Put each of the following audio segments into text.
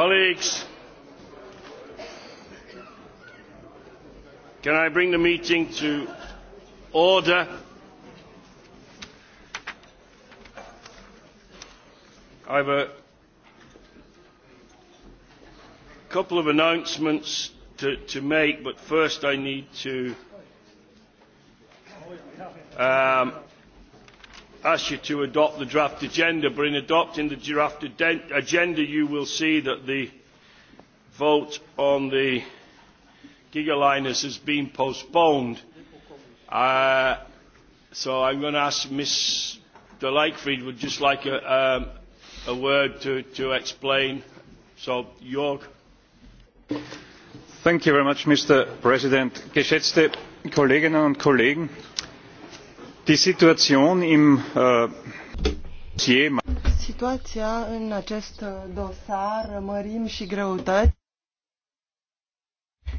Colleagues, can I bring the meeting to order? I have a couple of announcements to, to make, but first I need to um, ask you to adopt the draft agenda, but in adopting the draft agenda, you will see that the vote on the Gigaliners has been postponed. Uh, so I'm going to ask Ms. De Leichfried would just like a, um, a word to, to explain. So, Jörg. Thank you very much, Mr. President. Geschätzte Kolleginnen und Kollegen, Äh, Situația în acest uh, dosar, uh, mărim și greutăți,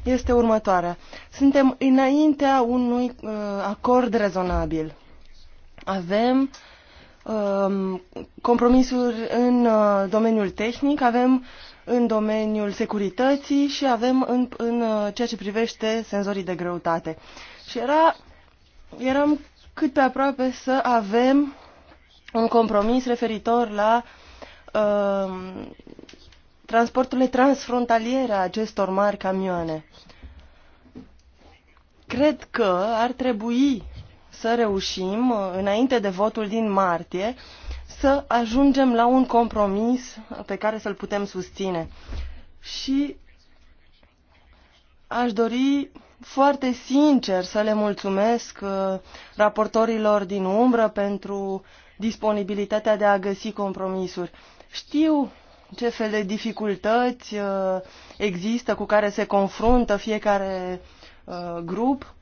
este următoarea. Suntem înaintea unui uh, acord rezonabil. Avem uh, compromisuri în uh, domeniul tehnic, avem în domeniul securității și avem în, în uh, ceea ce privește senzorii de greutate. Și era, eram cât pe aproape să avem un compromis referitor la uh, transporturile transfrontaliere a acestor mari camioane. Cred că ar trebui să reușim, uh, înainte de votul din martie, să ajungem la un compromis pe care să-l putem susține. Și aș dori foarte sincer să le mulțumesc uh, raportorilor din umbră pentru disponibilitatea de a găsi compromisuri. Știu ce fel de dificultăți uh, există cu care se confruntă fiecare uh, grup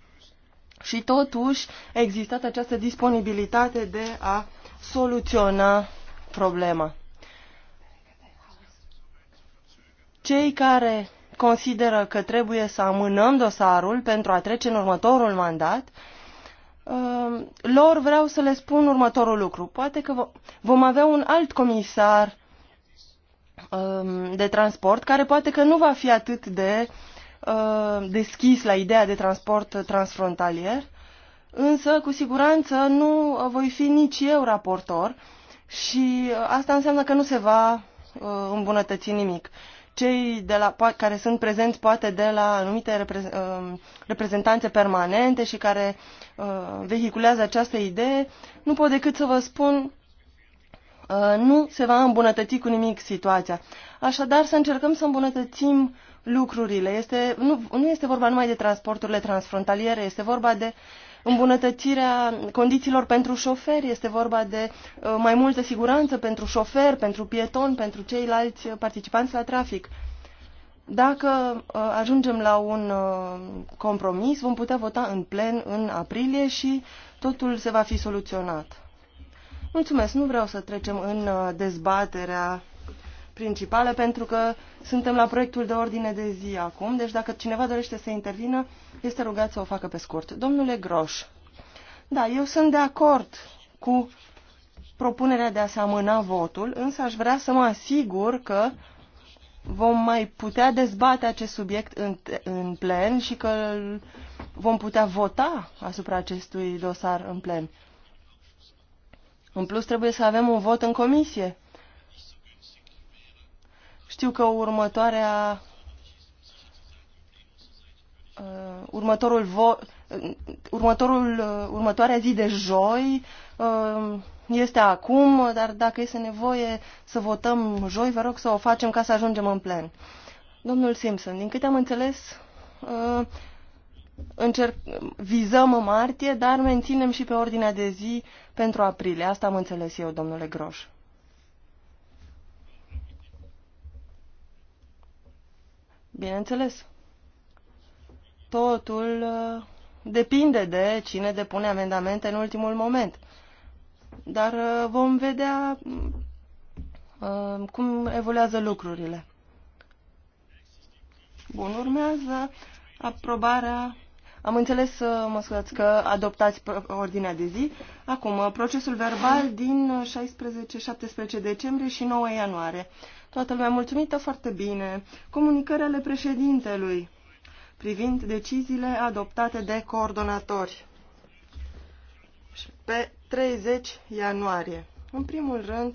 și totuși a existat această disponibilitate de a soluționa problema. Cei care consideră că trebuie să amânăm dosarul pentru a trece în următorul mandat, uh, lor vreau să le spun următorul lucru. Poate că vom avea un alt comisar um, de transport care poate că nu va fi atât de uh, deschis la ideea de transport transfrontalier, însă cu siguranță nu voi fi nici eu raportor și asta înseamnă că nu se va uh, îmbunătăți nimic cei de la, care sunt prezenți poate de la anumite um, reprezentanțe permanente și care uh, vehiculează această idee, nu pot decât să vă spun uh, nu se va îmbunătăți cu nimic situația. Așadar, să încercăm să îmbunătățim lucrurile. Este, nu, nu este vorba numai de transporturile transfrontaliere, este vorba de îmbunătățirea condițiilor pentru șoferi, este vorba de uh, mai multă siguranță pentru șofer, pentru pieton, pentru ceilalți participanți la trafic. Dacă uh, ajungem la un uh, compromis, vom putea vota în plen în aprilie și totul se va fi soluționat. Mulțumesc, nu vreau să trecem în dezbaterea principale pentru că suntem la proiectul de ordine de zi acum, deci dacă cineva dorește să intervină, este rugat să o facă pe scurt. Domnule Groș, da, eu sunt de acord cu propunerea de a se amâna votul, însă aș vrea să mă asigur că vom mai putea dezbate acest subiect în, în plen și că vom putea vota asupra acestui dosar în plen. În plus, trebuie să avem un vot în comisie. Știu că următoarea uh, următorul vo uh, următorul uh, următoarea zi de joi uh, este acum, dar dacă este nevoie să votăm joi, vă rog să o facem ca să ajungem în plen. Domnul Simpson, din câte am înțeles, uh, încerc, vizăm în martie, dar menținem și pe ordinea de zi pentru aprilie. Asta am înțeles eu, domnule Groș. Bineînțeles. Totul uh, depinde de cine depune amendamente în ultimul moment. Dar uh, vom vedea uh, cum evoluează lucrurile. Bun, urmează aprobarea am înțeles, uh, mă scuzați, că adoptați ordinea de zi. Acum, uh, procesul verbal din 16-17 decembrie și 9 ianuarie. Toată lumea mulțumită, foarte bine. Comunicări ale președintelui privind deciziile adoptate de coordonatori. Pe 30 ianuarie. În primul rând,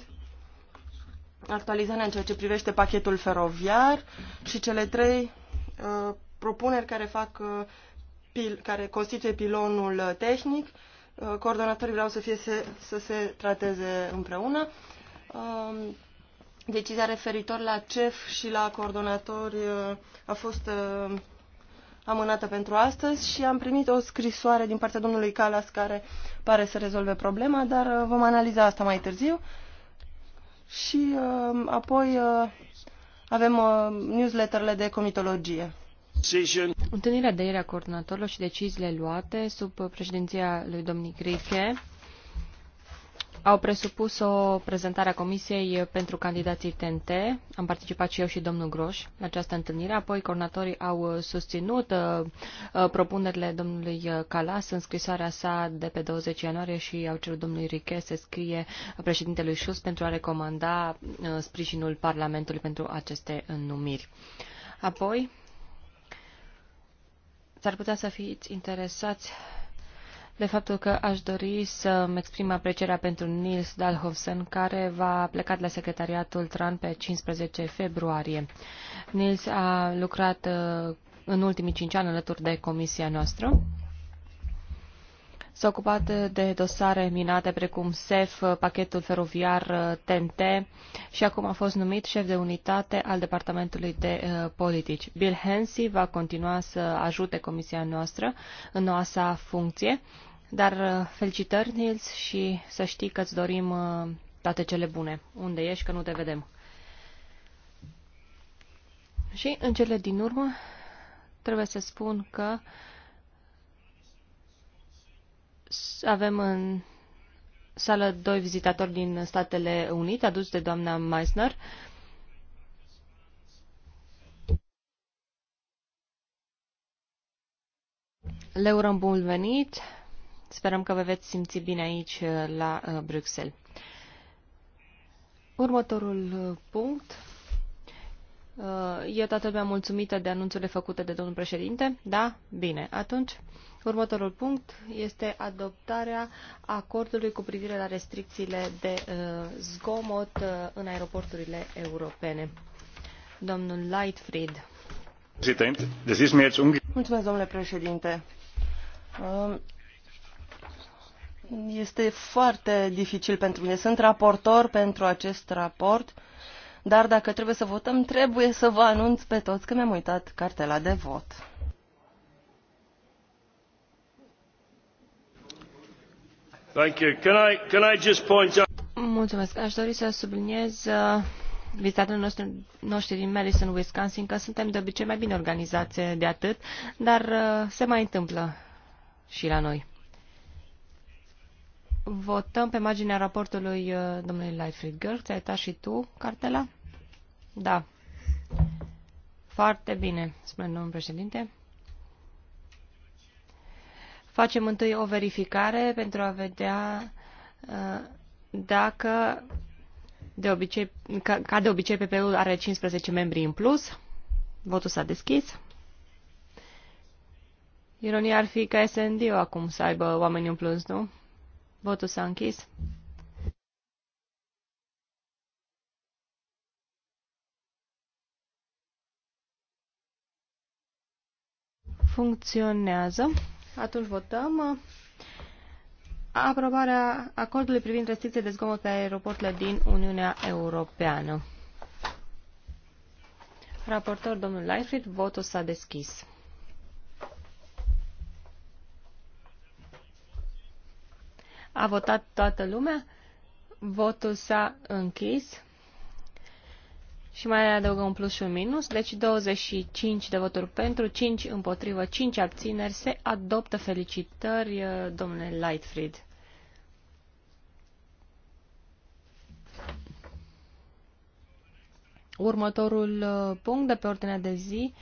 actualizarea în ceea ce privește pachetul feroviar și cele trei uh, propuneri care fac uh, pil, care constituie pilonul uh, tehnic. Uh, coordonatorii vreau să, fie se, să se trateze împreună. Um, decizia referitor la CEF și la coordonatori uh, a fost amânată pentru astăzi și am primit o scrisoare din partea domnului Calas care pare să rezolve problema, dar vom analiza asta mai târziu. Și apoi avem newsletterle de comitologie. Decision. Întâlnirea de ieri a coordonatorilor și deciziile luate sub președinția lui Dominic Riche au presupus o prezentare a Comisiei pentru candidații TNT. Am participat și eu și domnul Groș la această întâlnire. Apoi, coordonatorii au susținut uh, uh, propunerile domnului uh, Calas în scrisoarea sa de pe 20 ianuarie și au cerut domnului Riche să scrie președintelui Șus pentru a recomanda sprijinul Parlamentului pentru aceste numiri. Apoi, s-ar putea să fiți interesați de faptul că aș dori să-mi exprim aprecierea pentru Nils Dalhofsen, care va pleca de la secretariatul TRAN pe 15 februarie. Nils a lucrat uh, în ultimii cinci ani alături de comisia noastră s-a ocupat de dosare minate precum SEF, pachetul feroviar TNT uh, și acum a fost numit șef de unitate al Departamentului de uh, Politici. Bill Hensi va continua să ajute comisia noastră în noua sa funcție, dar uh, felicitări, Nils, și să știi că îți dorim toate cele bune. Unde ești, că nu te vedem. Și în cele din urmă trebuie să spun că uh, avem în sală doi vizitatori din Statele Unite, aduși de doamna Meissner. Le urăm bun venit. Sperăm că vă veți simți bine aici la uh, Bruxelles. Următorul uh, punct eu toată lumea mulțumită de anunțurile făcute de domnul președinte? Da? Bine. Atunci, următorul punct este adoptarea acordului cu privire la restricțiile de uh, zgomot uh, în aeroporturile europene. Domnul Lightfried. Mulțumesc, domnule președinte. Um, este foarte dificil pentru mine. Sunt raportor pentru acest raport dar dacă trebuie să votăm, trebuie să vă anunț pe toți că mi-am uitat cartela de vot. Thank you. Can I, can I just point out... Mulțumesc. Aș dori să subliniez uh, vizitatul nostru, noștri din Madison, Wisconsin, că suntem de obicei mai bine organizați de atât, dar uh, se mai întâmplă și la noi. Votăm pe marginea raportului uh, domnului Lightfried Girl. Ți-ai uitat și tu cartela? Da. Foarte bine, spune domnul președinte. Facem întâi o verificare pentru a vedea uh, dacă, de obicei, ca, ca de obicei, PPU are 15 membri în plus. Votul s-a deschis. Ironia ar fi ca SND-ul acum să aibă oameni în plus, nu? Votul s-a închis. Funcționează. Atunci votăm. Aprobarea acordului privind restricție de zgomot pe aeroporturile din Uniunea Europeană. Raportor domnul Leifrid, votul s-a deschis. A votat toată lumea. Votul s-a închis. Și mai adăugă un plus și un minus, deci 25 de voturi pentru, 5 împotrivă, 5 abțineri. Se adoptă felicitări, uh, domnule Lightfried. Următorul uh, punct de pe ordinea de zi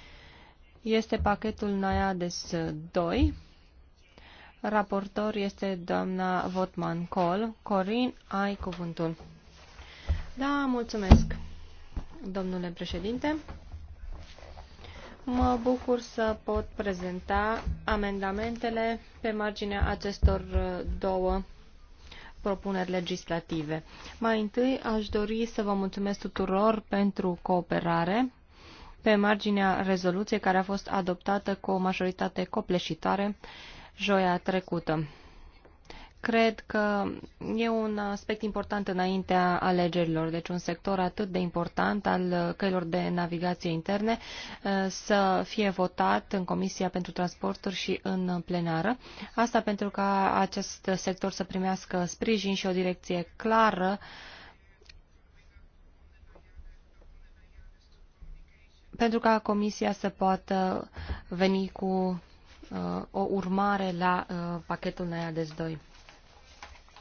este pachetul Naiades 2. Raportor este doamna Votman Col. Corin, ai cuvântul. Da, mulțumesc, domnule președinte. Mă bucur să pot prezenta amendamentele pe marginea acestor uh, două propuneri legislative. Mai întâi aș dori să vă mulțumesc tuturor pentru cooperare pe marginea rezoluției care a fost adoptată cu o majoritate copleșitoare joia trecută. Cred că e un aspect important înaintea alegerilor, deci un sector atât de important al căilor de navigație interne eh, să fie votat în Comisia pentru Transporturi și în plenară. Asta pentru ca acest sector să primească sprijin și o direcție clară pentru ca Comisia să poată veni cu Uh, o urmare la uh, pachetul NAIADES 2.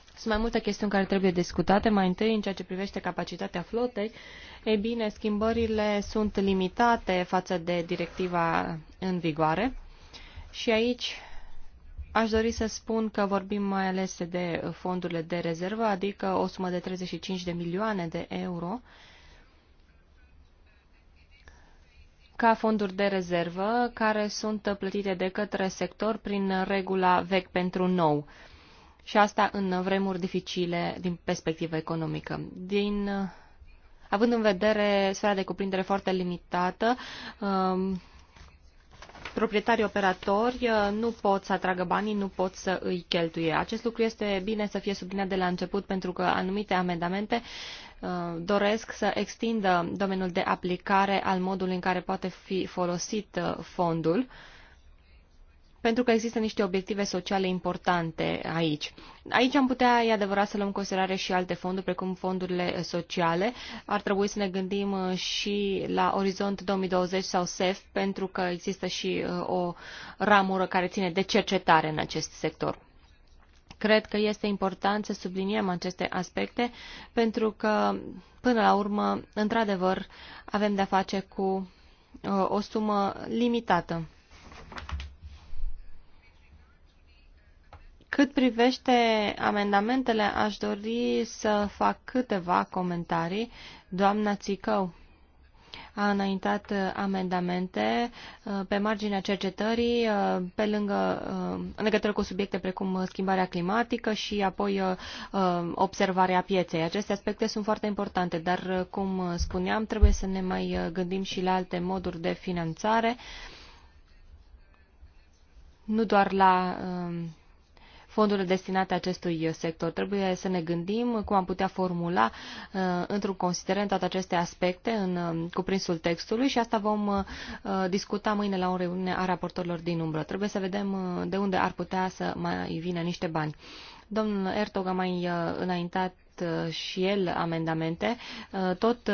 Sunt mai multe chestiuni care trebuie discutate. Mai întâi, în ceea ce privește capacitatea flotei, ei bine, schimbările sunt limitate față de directiva în vigoare. Și aici aș dori să spun că vorbim mai ales de fondurile de rezervă, adică o sumă de 35 de milioane de euro, ca fonduri de rezervă care sunt plătite de către sector prin regula vechi pentru nou. Și asta în vremuri dificile din perspectivă economică. Din, având în vedere sfera de cuprindere foarte limitată, um, proprietarii operatori uh, nu pot să atragă banii, nu pot să îi cheltuie. Acest lucru este bine să fie subliniat de la început pentru că anumite amendamente Uh, doresc să extindă domeniul de aplicare al modului în care poate fi folosit uh, fondul, pentru că există niște obiective sociale importante aici. Aici am putea, e adevărat, să luăm în considerare și alte fonduri, precum fondurile sociale. Ar trebui să ne gândim uh, și la Orizont 2020 sau SEF, pentru că există și o ramură care ține de cercetare în acest sector. Cred că este important să subliniem aceste aspecte pentru că, până la urmă, într-adevăr, avem de-a face cu uh, o sumă limitată. Cât privește amendamentele, aș dori să fac câteva comentarii. Doamna Țicău a înaintat uh, amendamente uh, pe marginea cercetării, uh, pe lângă, în legătură cu subiecte precum schimbarea climatică și apoi observarea pieței. Aceste aspecte sunt foarte importante, dar, cum spuneam, trebuie să ne mai gândim și la alte moduri de finanțare, nu doar la fondurile destinate acestui sector. Trebuie să ne gândim cum am putea formula uh, într-un considerent toate aceste aspecte în um, cuprinsul textului și asta vom uh, discuta mâine la o reuniune a raportorilor din umbră. Trebuie să vedem uh, de unde ar putea să mai vină niște bani. Domnul Ertog a mai înaintat și el amendamente, tot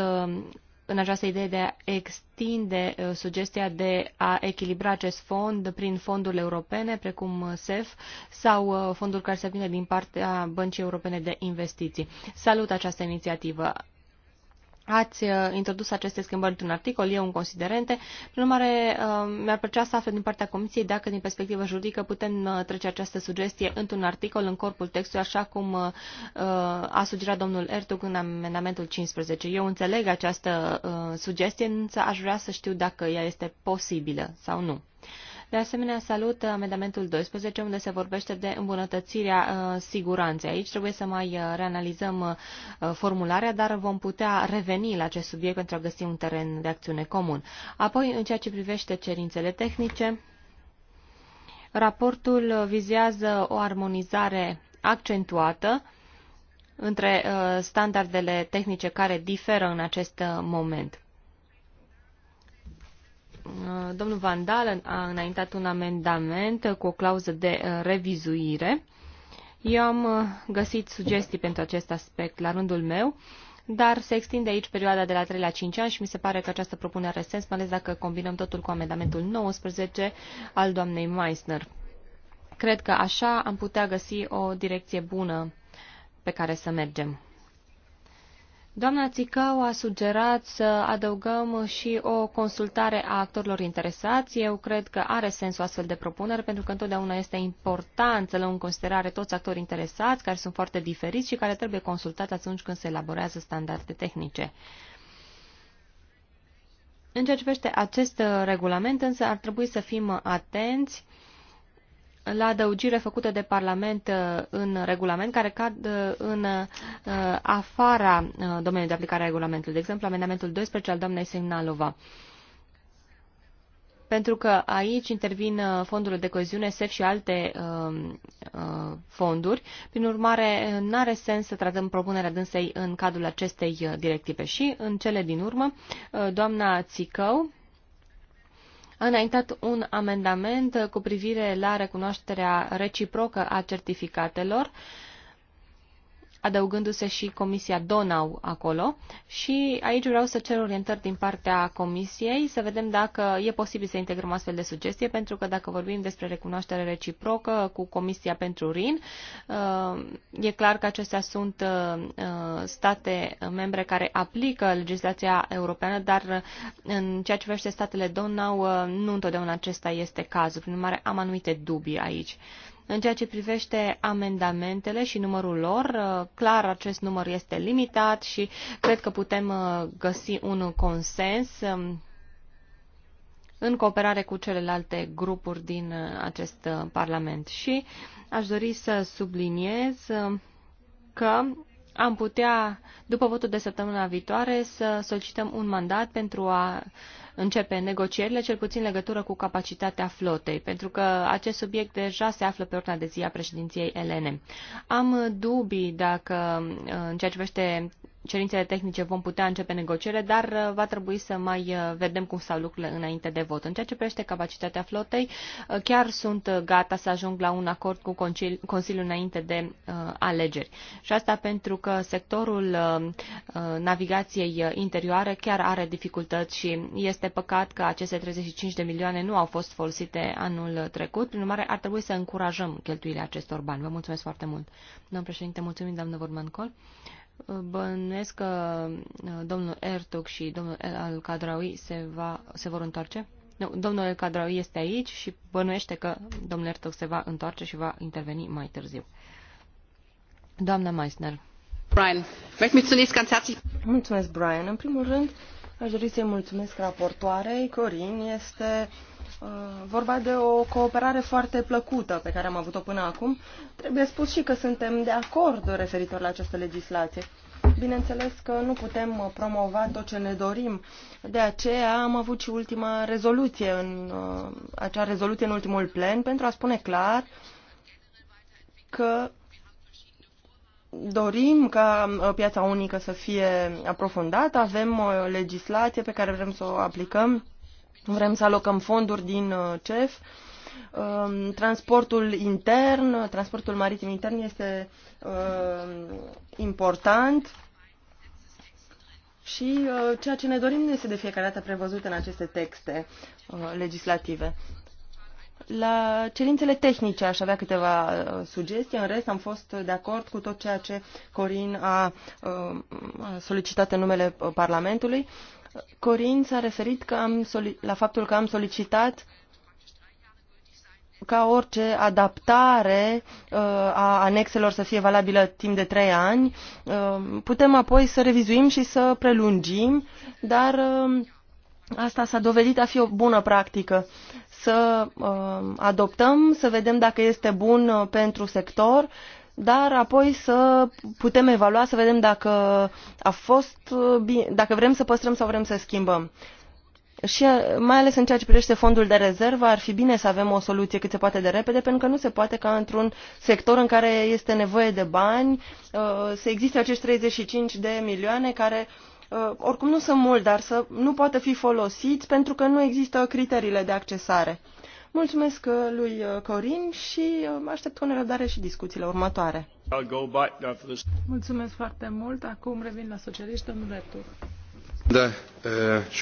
în această idee de a extinde uh, sugestia de a echilibra acest fond prin fondurile europene, precum uh, SEF, sau uh, fonduri care să vină din partea Băncii Europene de Investiții. Salut această inițiativă. Ați uh, introdus aceste schimbări într-un articol, eu în considerente. Prin urmare, uh, mi-ar plăcea să aflu din partea Comisiei dacă, din perspectivă juridică, putem uh, trece această sugestie într-un articol în corpul textului, așa cum a sugerat domnul Ertug în amendamentul 15. Eu înțeleg această sugestie, însă aș vrea să știu dacă ea este posibilă sau nu. De asemenea, salut amendamentul 12, unde se vorbește de îmbunătățirea uh, siguranței. Aici trebuie să mai uh, reanalizăm uh, formularea, dar vom putea reveni la acest subiect pentru a găsi un teren de acțiune comun. Apoi, în ceea ce privește cerințele tehnice, raportul vizează o armonizare accentuată între standardele tehnice care diferă în acest moment. Uh, domnul Van Dalen a înaintat un amendament cu o clauză de uh, revizuire. Eu am uh, găsit sugestii pentru acest aspect la rândul meu, dar se extinde aici perioada de la 3 la 5 ani și mi se pare că această propunere are sens, mai ales dacă combinăm totul cu amendamentul 19 al doamnei Meissner. Cred că așa am putea găsi o direcție bună pe care să mergem. Doamna Țicău a sugerat să adăugăm și o consultare a actorilor interesați. Eu cred că are sens o astfel de propunere, pentru că întotdeauna este important să luăm în considerare toți actorii interesați, care sunt foarte diferiți și care trebuie consultați atunci când se elaborează standarde tehnice. În ceea ce privește acest regulament, însă, ar trebui să fim atenți la adăugire făcută de Parlament uh, în regulament, care cad uh, în uh, afara domeniului de aplicare a regulamentului. De exemplu, amendamentul 12 al doamnei Semnalova pentru că aici intervin fondurile de coeziune, SEF și alte uh, uh, fonduri. Prin urmare, nu are sens să tratăm propunerea dânsei în cadrul acestei directive. Și, în cele din urmă, doamna Țicău a înaintat un amendament cu privire la recunoașterea reciprocă a certificatelor adăugându-se și Comisia Donau acolo. Și aici vreau să cer orientări din partea Comisiei, să vedem dacă e posibil să integrăm astfel de sugestie, pentru că dacă vorbim despre recunoaștere reciprocă cu Comisia pentru RIN, uh, e clar că acestea sunt uh, state membre care aplică legislația europeană, dar uh, în ceea ce privește statele Donau, nu întotdeauna acesta este cazul. Prin urmare, am anumite dubii aici. În ceea ce privește amendamentele și numărul lor, uh, clar acest număr este limitat și cred că putem uh, găsi un consens um, în cooperare cu celelalte grupuri din uh, acest Parlament. Și aș dori să subliniez că am putea, după votul de săptămâna viitoare, să solicităm un mandat pentru a începe negocierile, cel puțin legătură cu capacitatea flotei, pentru că acest subiect deja se află pe ordinea de zi a președinției elene. Am dubii dacă, în ceea ce vește cerințele tehnice vom putea începe negocierile, dar uh, va trebui să mai uh, vedem cum stau lucrurile înainte de vot. În ceea ce privește capacitatea flotei, uh, chiar sunt gata să ajung la un acord cu Consiliul înainte de alegeri. Și asta pentru că sectorul navigației interioare chiar are dificultăți și este păcat că aceste 35 de milioane nu au fost folosite anul trecut. Prin urmare, ar trebui să încurajăm cheltuielile acestor bani. Vă mulțumesc foarte mult. Domnul președinte, mulțumim, doamnă Vormancol. Bănesc că uh, domnul Ertug și domnul El al Cadraui se, va, se vor întoarce? Nu, domnul El Cadraui este aici și bănuiește că domnul Ertug se va întoarce și va interveni mai târziu. Doamna Meissner. Brian, Mulțumesc, Brian. În primul rând, aș dori să-i mulțumesc raportoarei. Corin este Uh, vorba de o cooperare foarte plăcută pe care am avut-o până acum. Trebuie spus și că suntem de acord referitor la această legislație. Bineînțeles că nu putem promova tot ce ne dorim. De aceea am avut și ultima rezoluție, în, uh, acea rezoluție în ultimul plen, pentru a spune clar că dorim ca uh, piața unică să fie aprofundată, avem o legislație pe care vrem să o aplicăm Vrem să alocăm fonduri din uh, CEF. Um, transportul intern, transportul maritim intern este um, important și uh, ceea ce ne dorim nu este de fiecare dată prevăzut în aceste texte uh, legislative. La cerințele tehnice aș avea câteva sugestii, în rest am fost de acord cu tot ceea ce Corin a solicitat în numele Parlamentului. Corin s-a referit că am la faptul că am solicitat ca orice adaptare uh, a anexelor să fie valabilă timp de trei ani. Uh, putem apoi să revizuim și să prelungim, dar uh, asta s-a dovedit a fi o bună practică. Să uh, adoptăm, să vedem dacă este bun uh, pentru sector dar apoi să putem evalua, să vedem dacă a fost uh, bine, dacă vrem să păstrăm sau vrem să schimbăm. Și uh, mai ales în ceea ce privește fondul de rezervă, ar fi bine să avem o soluție cât se poate de repede, pentru că nu se poate ca într-un sector în care este nevoie de bani uh, să existe acești 35 de milioane care oricum nu sunt mult, dar să nu poată fi folosiți pentru că nu există criteriile de accesare. Mulțumesc uh, lui uh, Corin și uh, aștept cu nerăbdare și discuțiile următoare. Mulțumesc foarte mult. Acum revin la socialiști, domnul Retur. Da,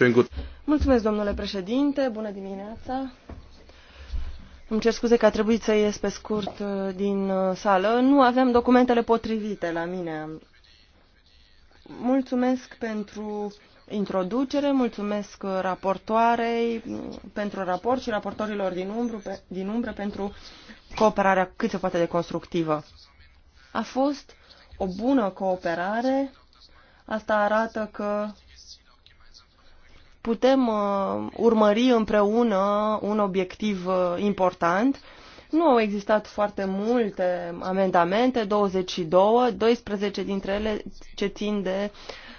uh, Mulțumesc, domnule președinte. Bună dimineața. Îmi cer scuze că a trebuit să ies pe scurt din sală. Nu avem documentele potrivite la mine. Mulțumesc pentru introducere. Mulțumesc uh, raportoarei mm, pentru raport și raportorilor din umbru, pe, din umbră pentru cooperarea cât se poate de constructivă. A fost o bună cooperare. Asta arată că putem uh, urmări împreună un obiectiv uh, important nu au existat foarte multe amendamente, 22, 12 dintre ele ce țin de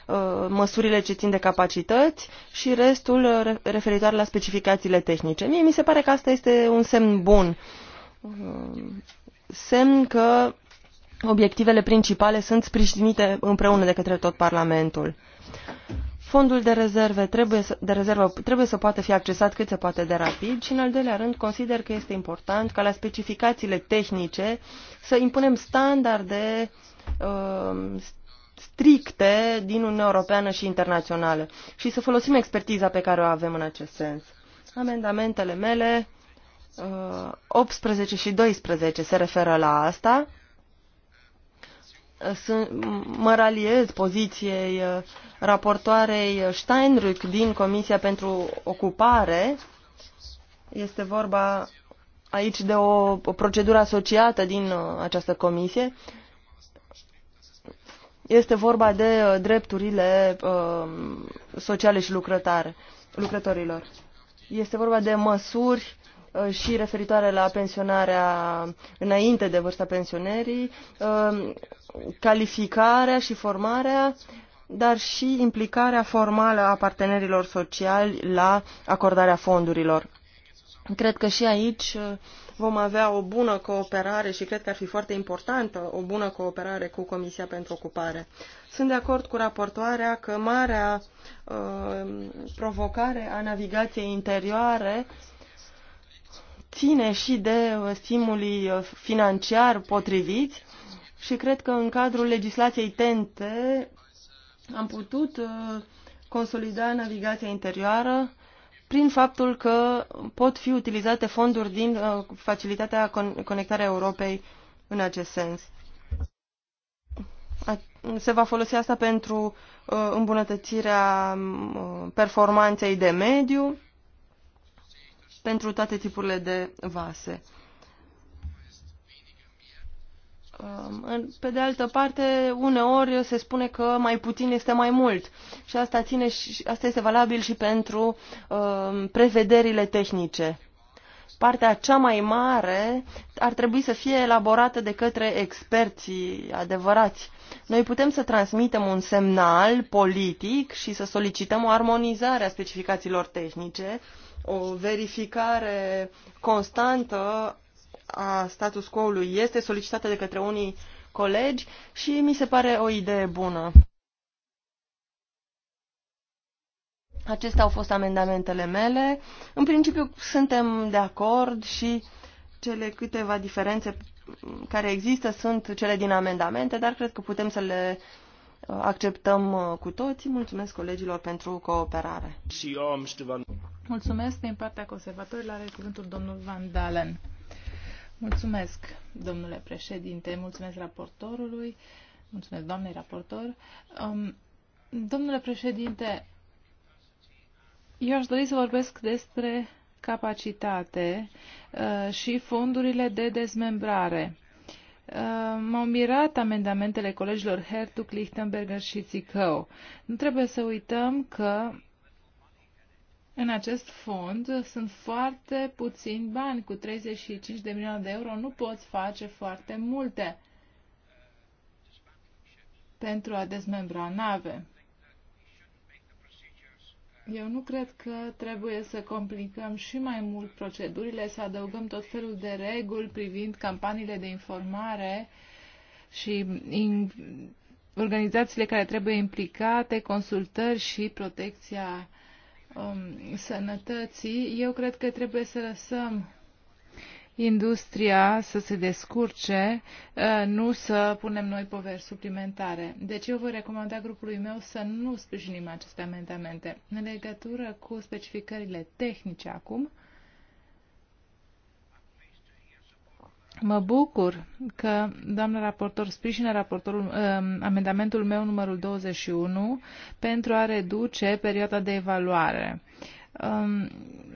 uh, măsurile ce țin de capacități și restul uh, referitor la specificațiile tehnice. Mie mi se pare că asta este un semn bun. Uh, semn că obiectivele principale sunt sprijinite împreună de către tot Parlamentul. Fondul de, rezerve trebuie să, de rezervă trebuie să poată fi accesat cât se poate de rapid și, în al doilea rând, consider că este important ca la specificațiile tehnice să impunem standarde uh, stricte din Uniunea Europeană și internațională și să folosim expertiza pe care o avem în acest sens. Amendamentele mele uh, 18 și 12 se referă la asta sunt, mă raliez poziției uh, raportoarei Steinrück din Comisia pentru Ocupare. Este vorba aici de o procedură asociată din uh, această comisie. Este vorba de uh, drepturile sociale și lucrătare, lucrătorilor. Este vorba de măsuri și referitoare la pensionarea înainte de vârsta pensionerii, uh, calificarea și formarea, dar și implicarea formală a partenerilor sociali la acordarea fondurilor. Cred că și aici uh, vom avea o bună cooperare și cred că ar fi foarte importantă o bună cooperare cu Comisia pentru Ocupare. Sunt de acord cu raportoarea că marea uh, provocare a navigației interioare uh, ține și de uh, stimuli uh, financiar potriviți și cred că în cadrul legislației TNT am putut uh, consolida navigația interioară prin faptul că pot fi utilizate fonduri din facilitatea conectarea Europei în acest sens. Se va folosi asta pentru îmbunătățirea mm, performanței de mediu, pentru toate tipurile de vase. Um, pe de altă parte, uneori se spune că mai puțin este mai mult și asta, ține și, asta este valabil și pentru uh, prevederile tehnice partea cea mai mare ar trebui să fie elaborată de către experții adevărați. Noi putem să transmitem un semnal politic și să solicităm o armonizare a specificațiilor tehnice, o verificare constantă a status quo-ului este solicitată de către unii colegi și mi se pare o idee bună. Acestea au fost amendamentele mele. În principiu suntem de acord și cele câteva diferențe care există sunt cele din amendamente, dar cred că putem să le uh, acceptăm uh, cu toții. Mulțumesc colegilor pentru cooperare. Mulțumesc din partea conservatorilor. Are cuvântul domnul Van Dalen. Mulțumesc, domnule președinte, mulțumesc raportorului, mulțumesc doamnei raportor. Um, domnule președinte, eu aș dori să vorbesc despre capacitate uh, și fondurile de dezmembrare. Uh, m-au mirat amendamentele colegilor Hertug, Lichtenberger și Zicău. Nu trebuie să uităm că în acest fond sunt foarte puțini bani. Cu 35 de milioane de euro nu poți face foarte multe pentru a dezmembra nave. Eu nu cred că trebuie să complicăm și mai mult procedurile, să adăugăm tot felul de reguli privind campaniile de informare și in, organizațiile care trebuie implicate, consultări și protecția um, sănătății. Eu cred că trebuie să lăsăm industria să se descurce, uh, nu să punem noi poveri suplimentare. Deci eu voi recomanda grupului meu să nu sprijinim aceste amendamente. În legătură cu specificările tehnice acum, Mă bucur că doamna raportor sprijină raportorul, uh, amendamentul meu numărul 21 pentru a reduce perioada de evaluare. Um,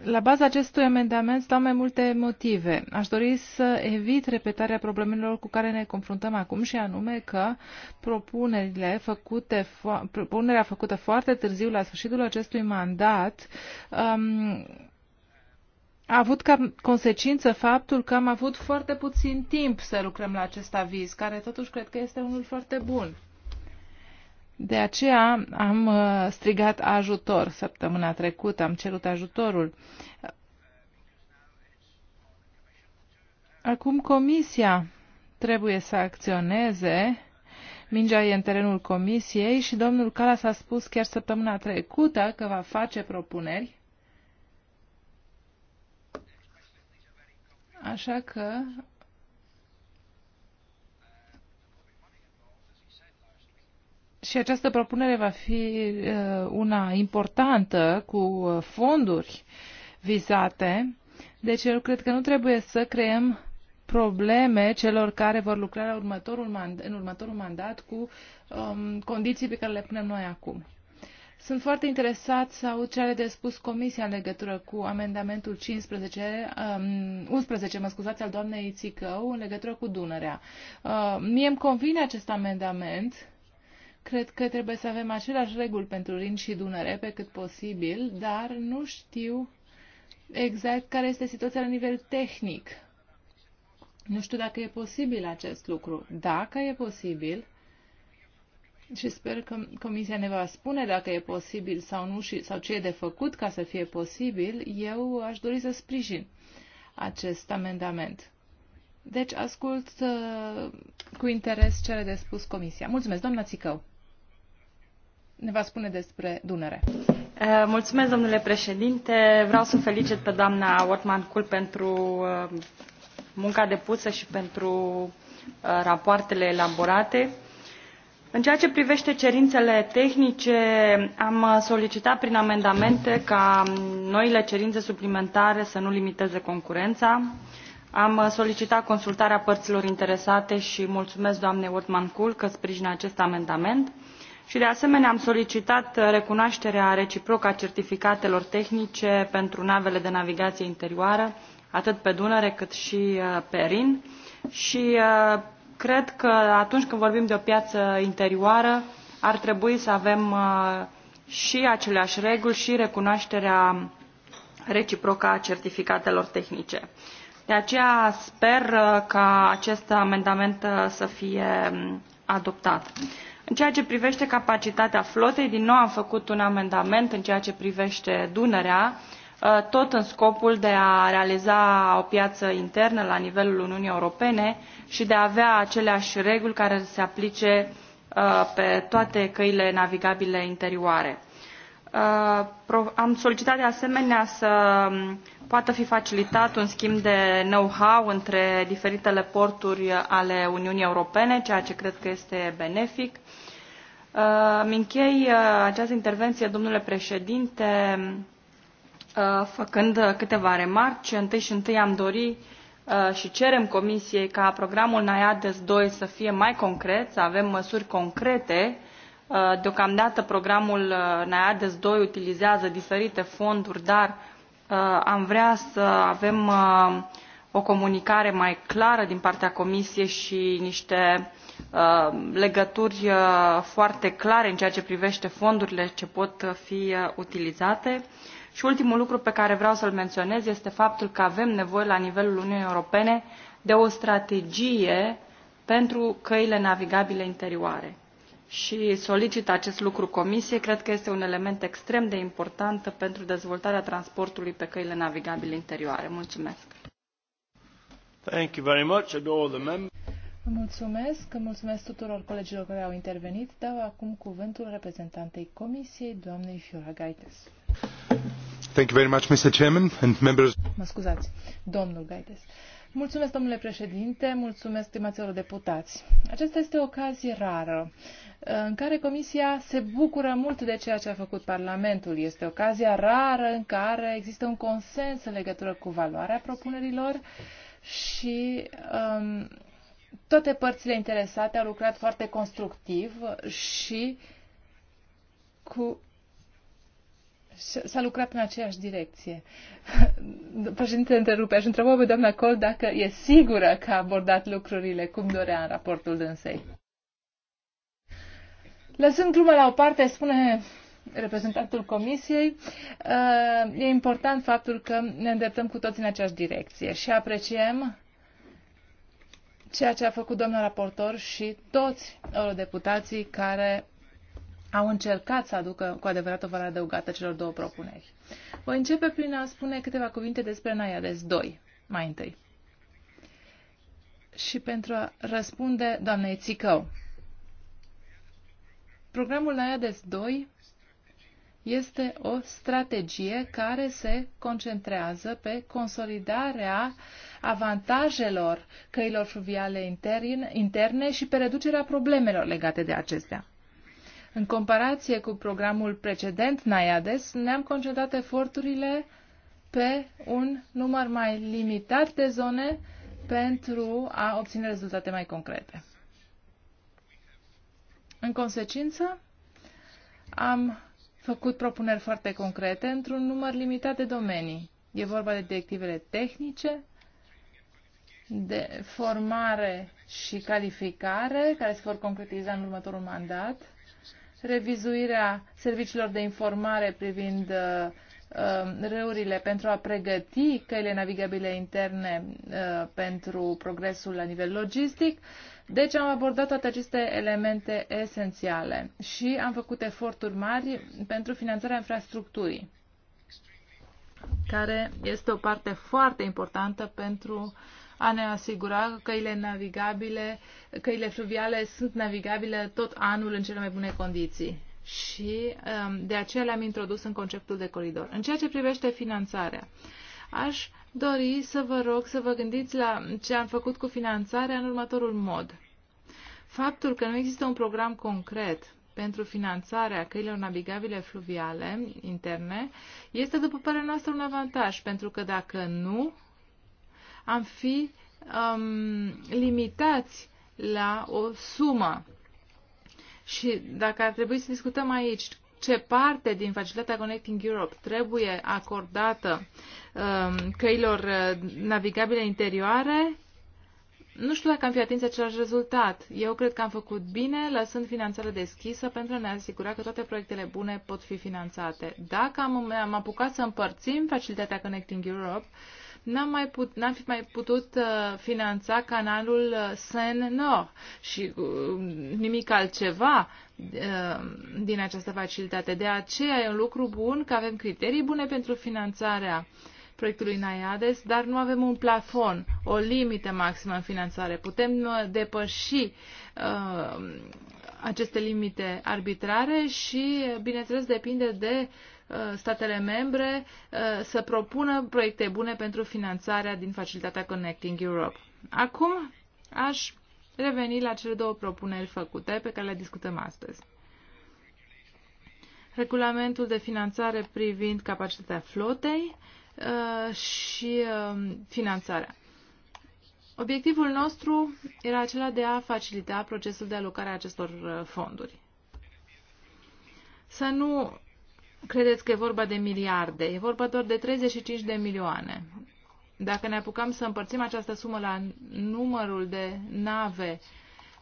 la baza acestui amendament stau mai multe motive. Aș dori să evit repetarea problemelor cu care ne confruntăm acum și anume că propunerile făcute, propunerea făcută foarte târziu la sfârșitul acestui mandat um, a avut ca consecință faptul că am avut foarte puțin timp să lucrăm la acest aviz, care totuși cred că este unul foarte bun. De aceea am uh, strigat ajutor săptămâna trecută, am cerut ajutorul. Acum comisia trebuie să acționeze. Mingea e în terenul comisiei și domnul Calas a spus chiar săptămâna trecută că va face propuneri. Așa că și această propunere va fi una importantă cu fonduri vizate. Deci eu cred că nu trebuie să creăm probleme celor care vor lucra la următorul mandat, în următorul mandat cu um, condiții pe care le punem noi acum. Sunt foarte interesat să aud ce are de spus Comisia în legătură cu amendamentul 15, um, 11, mă scuzați, al doamnei Țicău, în legătură cu Dunărea. Uh, mie îmi convine acest amendament Cred că trebuie să avem aceleași reguli pentru Rin și Dunăre pe cât posibil, dar nu știu exact care este situația la nivel tehnic. Nu știu dacă e posibil acest lucru. Dacă e posibil, și sper că Comisia ne va spune dacă e posibil sau nu și, sau ce e de făcut ca să fie posibil, eu aș dori să sprijin acest amendament. Deci ascult uh, cu interes cele de spus Comisia. Mulțumesc, doamna Țicău ne va spune despre Dunăre. Eh, mulțumesc, domnule președinte. Vreau să felicit pe doamna Ortman Kul pentru eh, munca depusă și pentru eh, rapoartele elaborate. În ceea ce privește cerințele tehnice, am solicitat prin amendamente ca noile cerințe suplimentare să nu limiteze concurența. Am solicitat consultarea părților interesate și mulțumesc doamnei Ortman Kul că sprijină acest amendament și de asemenea am solicitat uh, recunoașterea reciprocă a certificatelor tehnice pentru navele de navigație interioară atât pe Dunăre cât și uh, pe Rin și uh, cred că atunci când vorbim de o piață interioară ar trebui să avem și aceleași reguli și recunoașterea reciprocă a certificatelor tehnice. De aceea sper ca acest amendament să fie mm, adoptat. În ceea ce privește capacitatea flotei, din nou am făcut un amendament în ceea ce privește Dunărea, ă, tot în scopul de a realiza o piață internă la nivelul Uniunii Europene și de a avea aceleași reguli care se aplice ă, pe toate căile navigabile interioare Uh, am solicitat de asemenea să um, poată fi facilitat un schimb de know how între diferitele porturi ale uniunii europene ceea ce cred că este benefic. Uh, îmi închei uh, această intervenție domnule președinte făcând câteva remarci. întâi și întâi am dori și cerem comisiei ca programul naiades ii să fie mai concret să avem măsuri concrete uh, Uh, deocamdată programul uh, NAIADES 2 utilizează diferite fonduri, dar uh, am vrea să avem o comunicare mai clară din partea Comisiei și niște legături foarte clare în ceea ce privește fondurile ce pot fi utilizate. Și ultimul lucru pe care vreau să-l menționez este faptul că avem nevoie la nivelul Uniunii Europene de o strategie pentru căile navigabile interioare și solicit acest lucru comisiei. Cred că este un element extrem de important pentru dezvoltarea transportului pe căile navigabile interioare. Mulțumesc! Thank you very much. Mulțumesc, mulțumesc tuturor colegilor care au intervenit. Dau acum cuvântul reprezentantei Comisiei, doamnei Fiora Gaites. Thank you very much, Mr. Chairman and members. Mă scuzați, domnul Gaites. Uh, Mulțumesc, domnule președinte, mulțumesc, stimaților deputați. Aceasta este o ocazie rară uh, în care Comisia se bucură mult de ceea ce a făcut Parlamentul. Este ocazia rară în care există un consens în legătură cu valoarea propunerilor și um, toate părțile interesate au lucrat foarte constructiv și cu S-a lucrat în aceeași direcție. Președintele întrerupe. Aș întreba pe doamna Col dacă e sigură că a abordat lucrurile cum dorea în raportul dânsei. Lăsând gluma la o parte, spune reprezentantul comisiei, uh, e important faptul că ne îndreptăm cu toți în aceeași direcție și apreciem ceea ce a făcut domnul raportor și toți eurodeputații care au încercat să aducă cu adevărat o valoare adăugată celor două propuneri. Voi începe prin a spune câteva cuvinte despre Naiades 2, mai întâi. Și pentru a răspunde doamnei Țicău. Programul Naiades 2 este o strategie care se concentrează pe consolidarea avantajelor căilor fluviale interne și pe reducerea problemelor legate de acestea. În comparație cu programul precedent, NAIADES, ne-am concentrat eforturile pe un număr mai limitat de zone pentru a obține rezultate mai concrete. În consecință, am făcut propuneri foarte concrete într-un număr limitat de domenii. E vorba de directivele tehnice, de formare și calificare, care se vor concretiza în următorul mandat, revizuirea serviciilor de informare privind uh, um, râurile pentru a pregăti căile navigabile interne uh, pentru progresul la nivel logistic. Deci am abordat toate aceste elemente esențiale și am făcut eforturi mari pentru finanțarea infrastructurii, care este o parte foarte importantă pentru a ne asigura că căile navigabile, căile fluviale sunt navigabile tot anul în cele mai bune condiții. Și um, de aceea le-am introdus în conceptul de coridor. În ceea ce privește finanțarea, aș dori să vă rog să vă gândiți la ce am făcut cu finanțarea în următorul mod. Faptul că nu există un program concret pentru finanțarea căilor navigabile fluviale interne este, după părerea noastră, un avantaj, pentru că dacă nu, am fi um, limitați la o sumă. Și dacă ar trebui să discutăm aici ce parte din facilitatea Connecting Europe trebuie acordată um, căilor uh, navigabile interioare, nu știu dacă am fi atins același rezultat. Eu cred că am făcut bine lăsând finanțarea deschisă pentru a ne asigura că toate proiectele bune pot fi finanțate. Dacă am, am apucat să împărțim facilitatea Connecting Europe, uh, n-am, mai put, n-am fi mai putut uh, finanța canalul uh, Seine-Nord și uh, nimic altceva uh, din această facilitate. De aceea e un lucru bun că avem criterii bune pentru finanțarea proiectului Naiades, dar nu avem un plafon, o limită maximă în finanțare. Putem uh, depăși uh, aceste limite arbitrare și, bineînțeles, depinde de uh, statele membre uh, să propună proiecte bune pentru finanțarea din facilitatea Connecting Europe. Acum aș reveni la cele două propuneri făcute pe care le discutăm astăzi. Regulamentul de finanțare privind capacitatea flotei uh, și finanțarea. Obiectivul nostru era acela de a facilita procesul de alocare a acestor uh, fonduri. Să nu credeți că e vorba de miliarde, e vorba doar de 35 de milioane. Dacă ne apucăm să împărțim această sumă la numărul de nave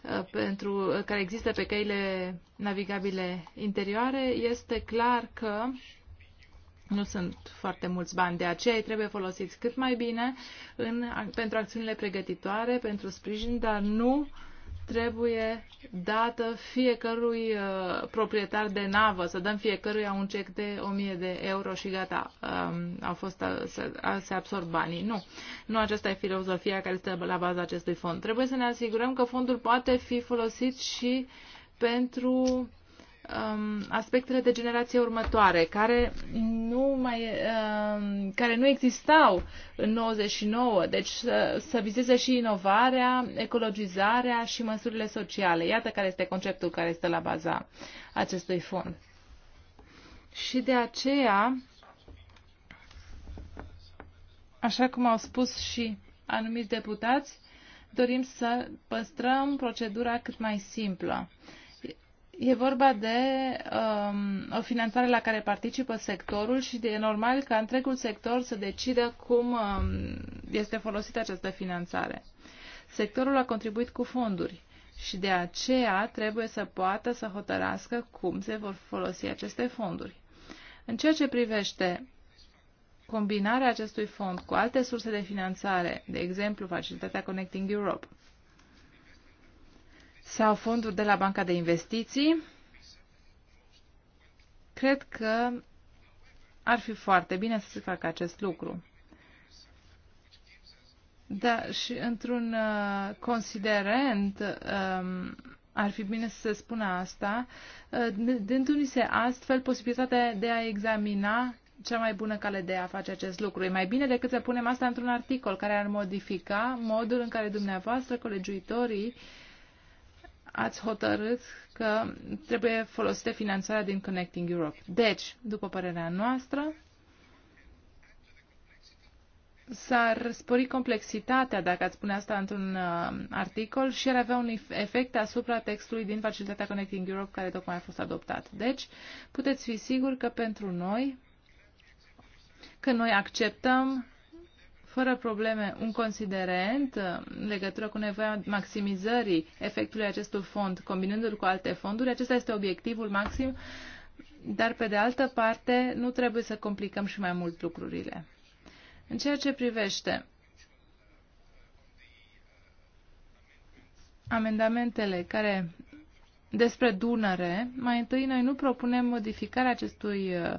uh, pentru, uh, care există pe căile navigabile interioare, este clar că nu sunt foarte mulți bani, de aceea ei trebuie folosiți cât mai bine în, pentru acțiunile pregătitoare, pentru sprijin, dar nu trebuie dată fiecărui uh, proprietar de navă, să dăm fiecăruia un cec de 1000 de euro și gata, um, au fost uh, a, să, se absorb banii. Nu. Nu aceasta e filozofia care stă la baza acestui fond. Trebuie să ne asigurăm că fondul poate fi folosit și pentru um, aspectele de generație următoare, care nu, mai, um, care nu existau în 99, deci să, să vizeze și inovarea, ecologizarea și măsurile sociale. Iată care este conceptul care este la baza acestui fond. Și de aceea, așa cum au spus și anumiți deputați, dorim să păstrăm procedura cât mai simplă. E vorba de um, o finanțare la care participă sectorul și e normal ca întregul sector să decidă cum um, este folosită această finanțare. Sectorul a contribuit cu fonduri și de aceea trebuie să poată să hotărască cum se vor folosi aceste fonduri. În ceea ce privește combinarea acestui fond cu alte surse de finanțare, de exemplu Facilitatea Connecting Europe, sau fonduri de la Banca de Investiții, cred că ar fi foarte bine să se facă acest lucru. Da, și într-un uh, considerent um, ar fi bine să se spună asta, uh, dându-ni-se astfel posibilitatea de a examina cea mai bună cale de a face acest lucru. E mai bine decât să punem asta într-un articol care ar modifica modul în care dumneavoastră, colegiuitorii, uh, ați hotărât că trebuie folosită finanțarea din Connecting Europe. Deci, după părerea noastră, s-ar spori complexitatea, dacă ați spune asta într-un uh, articol, și ar avea un efect asupra textului din facilitatea Connecting Europe care tocmai a fost adoptat. Deci, puteți fi siguri că pentru noi, că noi acceptăm fără probleme un considerent uh, în legătură cu nevoia maximizării efectului acestui fond, combinându-l cu alte fonduri. Acesta este obiectivul maxim, dar pe de altă parte nu trebuie să complicăm și mai mult lucrurile. În ceea ce privește amendamentele care despre Dunăre, mai întâi noi nu propunem modificarea acestui uh,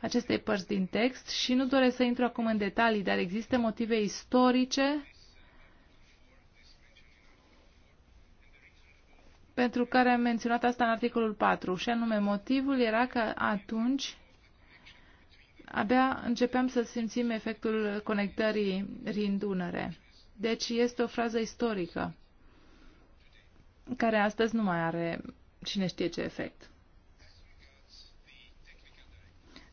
acestei părți din text și nu doresc să intru acum în detalii, dar există motive istorice pentru care am menționat asta în articolul 4 și anume motivul era că atunci abia începeam să simțim efectul conectării Rin-Dunăre. Deci este o frază istorică care astăzi nu mai are cine știe ce efect.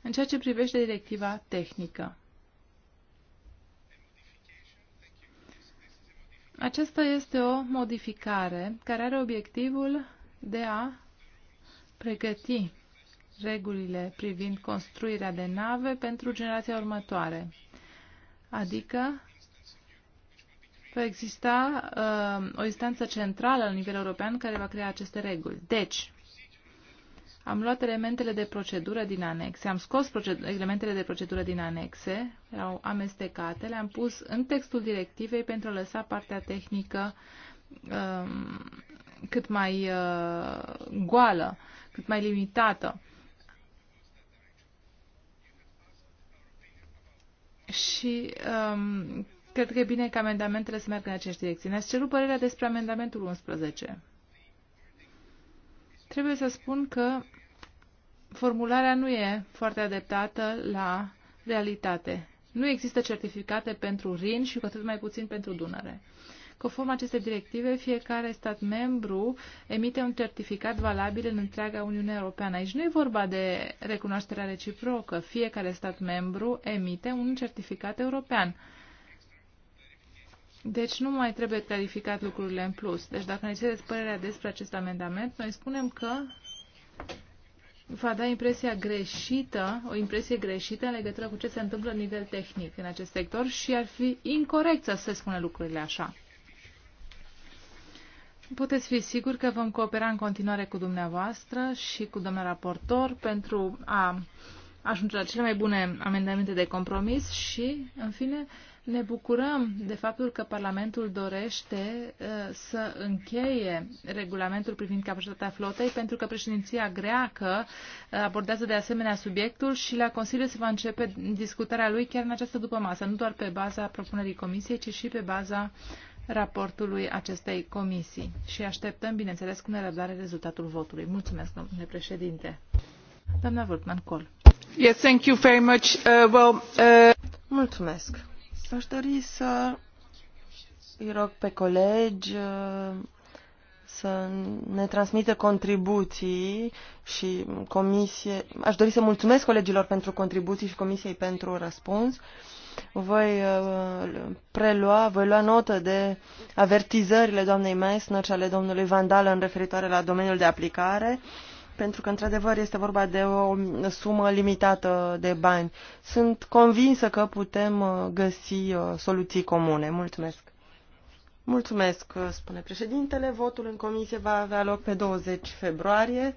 În ceea ce privește directiva tehnică, aceasta este o modificare care are obiectivul de a pregăti regulile privind construirea de nave pentru generația următoare. Adică va exista uh, o instanță centrală la nivel european care va crea aceste reguli. Deci, am luat elementele de procedură din anexe, am scos elementele de procedură din anexe, erau amestecate, le-am pus în textul directivei pentru a lăsa partea tehnică um, cât mai uh, goală, cât mai limitată. Și um, cred că e bine că amendamentele să meargă în aceeași direcție. Ne-ați cerut părerea despre amendamentul 11. Trebuie să spun că formularea nu e foarte adaptată la realitate. Nu există certificate pentru Rin și cu atât mai puțin pentru Dunăre. Conform acestei directive, fiecare stat membru emite un certificat valabil în întreaga Uniune Europeană. Aici nu e vorba de recunoașterea reciprocă. Fiecare stat membru emite un certificat european. Deci nu mai trebuie clarificat lucrurile în plus. Deci dacă ne cereți părerea despre acest amendament, noi spunem că va da impresia greșită, o impresie greșită în legătură cu ce se întâmplă la nivel tehnic în acest sector și ar fi incorrect să se spună lucrurile așa. Puteți fi sigur că vom coopera în continuare cu dumneavoastră și cu domnul raportor pentru a ajunge la cele mai bune amendamente de compromis și, în fine, ne bucurăm de faptul că Parlamentul dorește uh, să încheie regulamentul privind capacitatea flotei, pentru că președinția greacă uh, abordează de asemenea subiectul și la Consiliu se va începe discutarea lui chiar în această după masă, nu doar pe baza propunerii Comisiei, ci și pe baza raportului acestei comisii și așteptăm, bineînțeles, cu nerăbdare rezultatul votului. Mulțumesc, domnule președinte. Doamna Wortmann Col. Yes, thank you very much. Uh, well, uh... Mulțumesc. Aș dori să îi rog pe colegi uh, să ne transmită contribuții și comisie. Aș dori să mulțumesc colegilor pentru contribuții și comisiei pentru răspuns. Voi uh, prelua, voi lua notă de avertizările doamnei Meissner și ale domnului Vandală în referitoare la domeniul de aplicare pentru că, într-adevăr, este vorba de o sumă limitată de bani. Sunt convinsă că putem uh, găsi uh, soluții comune. Mulțumesc! Mulțumesc, uh, spune președintele. Votul în comisie va avea loc pe 20 februarie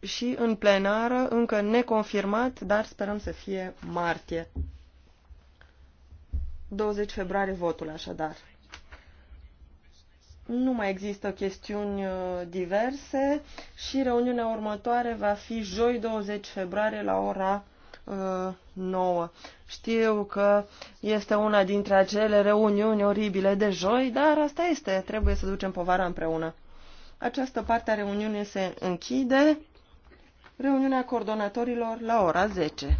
și în plenară, încă neconfirmat, dar sperăm să fie martie. 20 februarie votul, așadar nu mai există chestiuni uh, diverse și reuniunea următoare va fi joi 20 februarie la ora 9. Uh, Știu că este una dintre acele reuniuni oribile de joi, dar asta este, trebuie să ducem povara împreună. Această parte a reuniunii se închide, reuniunea coordonatorilor la ora 10.